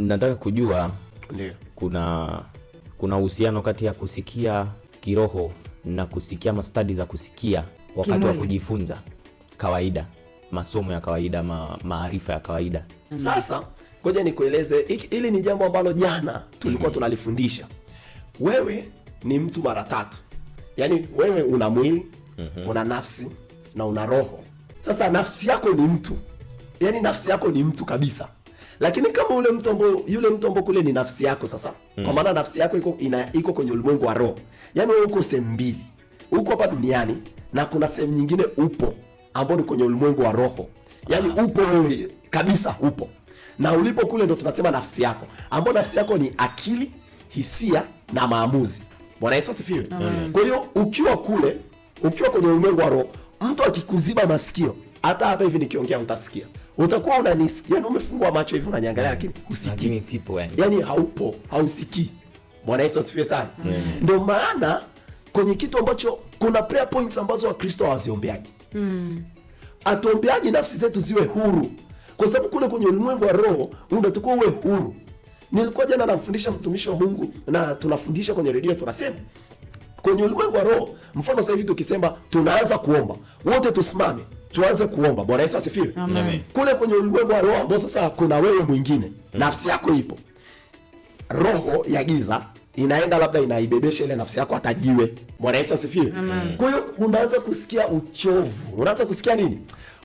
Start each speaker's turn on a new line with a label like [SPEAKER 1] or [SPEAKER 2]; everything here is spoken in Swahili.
[SPEAKER 1] Nataka kujua Ndiyo. kuna kuna uhusiano kati ya kusikia kiroho na kusikia mastadi za kusikia wakati Kimwili. wa kujifunza kawaida, masomo ya kawaida, ma, maarifa ya kawaida.
[SPEAKER 2] Hmm. Sasa ngoja nikueleze hili ni jambo ambalo jana tulikuwa mm -hmm. tunalifundisha. Wewe ni mtu mara tatu, yaani wewe una mwili mm -hmm. una nafsi na una roho. Sasa nafsi yako ni mtu, yaani nafsi yako ni mtu kabisa lakini kama ule mtu ambao yule mtu ambao kule ni nafsi yako sasa mm. Kwa maana nafsi yako iko ina, iko kwenye ulimwengu wa roho, yani wewe uko sehemu mbili, uko hapa duniani na kuna sehemu nyingine upo ambao ni kwenye ulimwengu wa roho, yani yaani ah. upo wewe kabisa, upo na ulipo kule ndo tunasema nafsi yako, ambao nafsi yako ni akili, hisia na maamuzi. Bwana Yesu asifiwe. Kwa hiyo ukiwa kule, ukiwa kwenye ulimwengu wa roho, mtu akikuziba masikio hata hapa hivi nikiongea utasikia, utakuwa unanisikia, yani umefungua macho hivi unaniangalia, lakini usikii, sipo yani, yani haupo, hausikii. Bwana Yesu asifiwe sana. Mm. Ndio maana kwenye kitu ambacho kuna prayer points ambazo Wakristo hawaziombeagi mm. Atuombeaji nafsi zetu ziwe huru, kwa sababu kule kwenye ulimwengu wa roho unatakiwa uwe huru. Nilikuwa jana namfundisha mtumishi wa Mungu na tunafundisha kwenye redio, tunasema kwenye ulimwengu wa roho, mfano sasa hivi tukisema tunaanza kuomba, wote tusimame tuanze kuomba. Bwana Yesu asifiwe. Kule kwenye ulimwengu wa roho ambao sasa kuna wewe mwingine, nafsi yako ipo, roho ya giza inaenda labda inaibebesha ile nafsi yako atajiwe. Bwana Yesu asifiwe. Kwa hiyo unaanza kusikia uchovu, unaanza kusikia nini